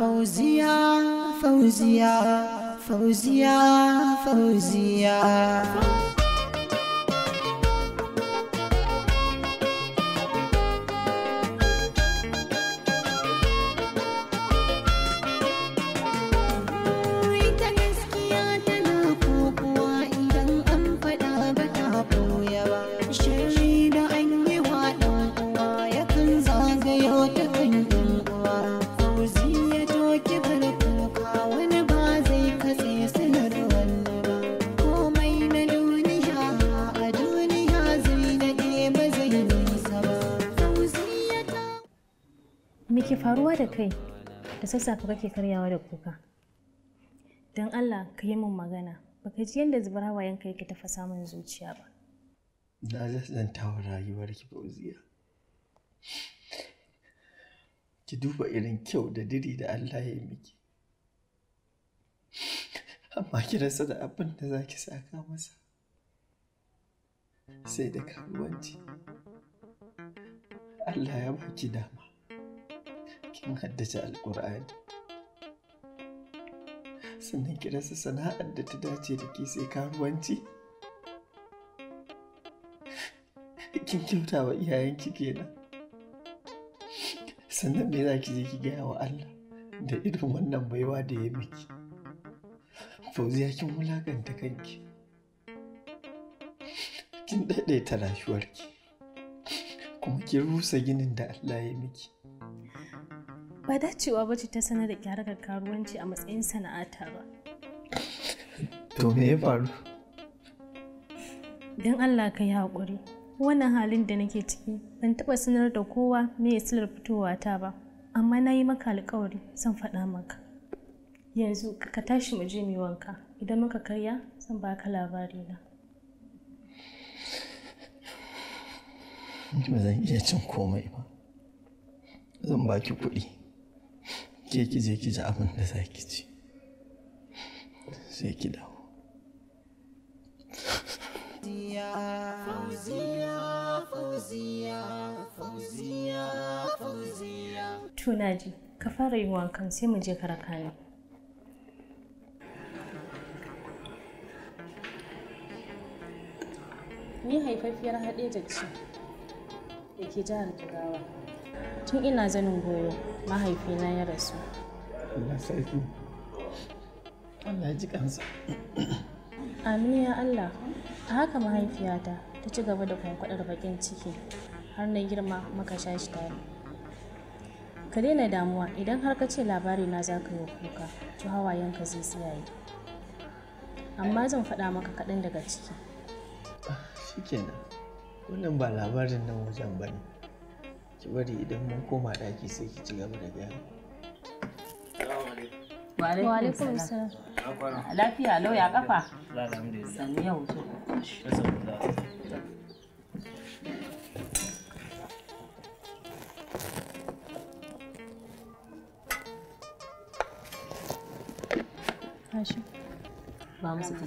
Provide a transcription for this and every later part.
fauziya fauziya fauziya fauziya ke faruwa da kai da sassafe kake karyawa da kuka don allah ka yi min magana baka ji yadda zubar hawayen ka yake tafasa min zuciya ba na zazzanta wa rayuwar ki fauziya ki duba irin kyau da diri da allah ya yi miki amma ki rasa da abin da za ki saka masa sai da karuwanci Allah ya baki dama kin haddace alƙur'ani sannan ki rasa sana'ar da ta dace da ke sai karuwanci kin kyauta wa iyayenki kenan sannan me za ki je gaya wa Allah da irin wannan baiwa da ya miki fauziya kin wulakanta kanki kin ta rayuwarki kuma kin rusa ginin da Allah ya miki ba dacewa ba ce ta sanar da kyarar karuwanci a matsayin sana'ata ba to me ya faru don allah ka yi haƙuri wannan halin da nake ciki ban taɓa sanar da kowa me silar fitowa ta ba amma na yi maka alƙawari zan faɗa maka yanzu ka tashi mu je mu wanka idan muka karya zan baka labari na ba zan iya cin komai ba zan baki kuɗi ke ki je ki ji abin da za ki ci sai ki dawo tunaji ka fara yin wankan sai mu je kara kayan ni haifafiyar haɗe da ce da ke jihar jigawa tun ina zanin goyo mahaifina ya rasu Allah sarki Allah ji kansa amin ya Allah a haka mahaifiyata ta ci gaba da kwankwadar bakin ciki har na girma maka sha shi tare ka daina damuwa idan har ka ce labari na za ka yi kuka to hawayenka zai tsiyaye amma zan faɗa maka kaɗan daga ciki ah, shikenan wannan ba labarin nan wajen ba ki bari idan mun koma daki sai ki ci gaba da gyara. wa alaikum lafiya lau ya kafa sannu wuce. Ba musu ta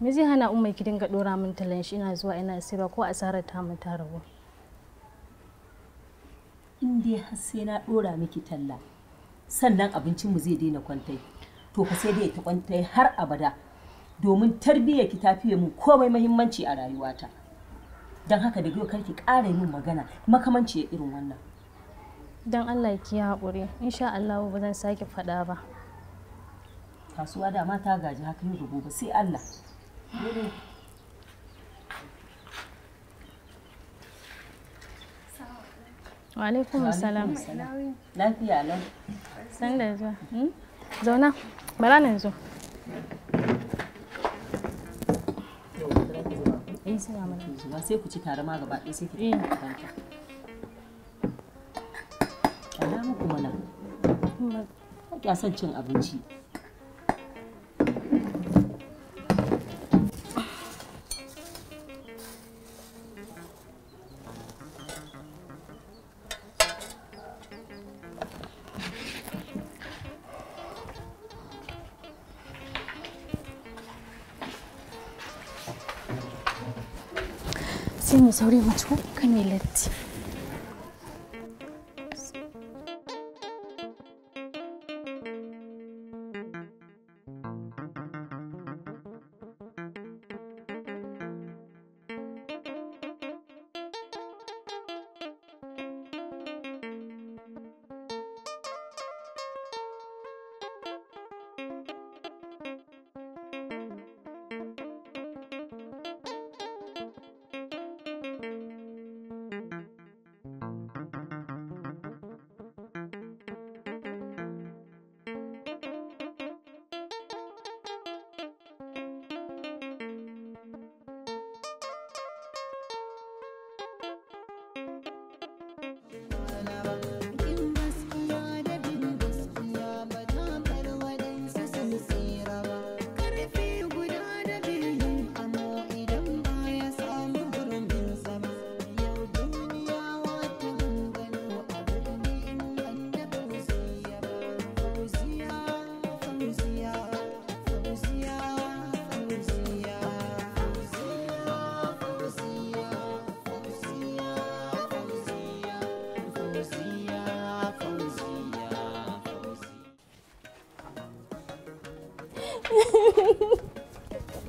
me zai hana umma ki dinga dora min talan shi ina zuwa ina sirwa ko asarar ta mun ta rabu in dai har sai na dora miki talla sannan abincin mu zai daina kwantai to fa sai dai ta kwantai har abada domin tarbiyyar ki ta fiye mun komai muhimmanci a rayuwata don haka da yau karki ƙara yin magana makamanci ya irin wannan dan Allah ki haƙuri insha Allah ba zan sake faɗa ba kasuwa da mata gaji haka yin rubu ba sai Allah wa alaikum salam lafiya san da zuwa hmm? zauna bara na zo eh, sai ku ci tare ma gaba ɗaya sai ki eh. muku mana cin abinci sin mis sobrinos, ¿cómo que ni leche?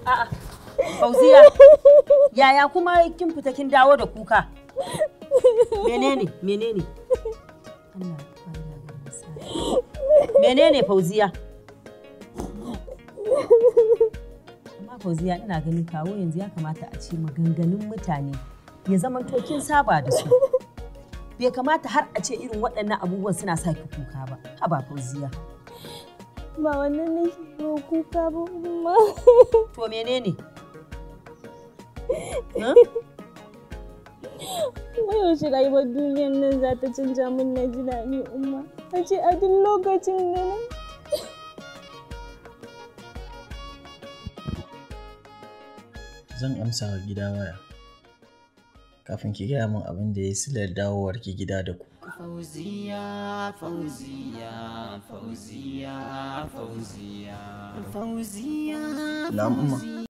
A'a, Fauziya, yaya kuma kin fita kin dawo da kuka? Menene, menene? Menene Fauziya? Amma Fauziya ina ganin kawo yanzu ya kamata a ce maganganun mutane ya zama kin saba da su. Bai kamata har a ce irin waɗannan abubuwan suna sa ki kuka ba. Haba Fauziya. ba wannan ne kuka ba ma to menene wai yaushe rayuwar duniyar nan za ta canja min na ji daɗi umma a ce a duk lokacin da zan amsa wa gida waya kafin ki gaya min abin da ya yi silar dawowar ki gida da kuka. Fauziya, fauziya, fauziya, fauziya, fauziya, fauziya.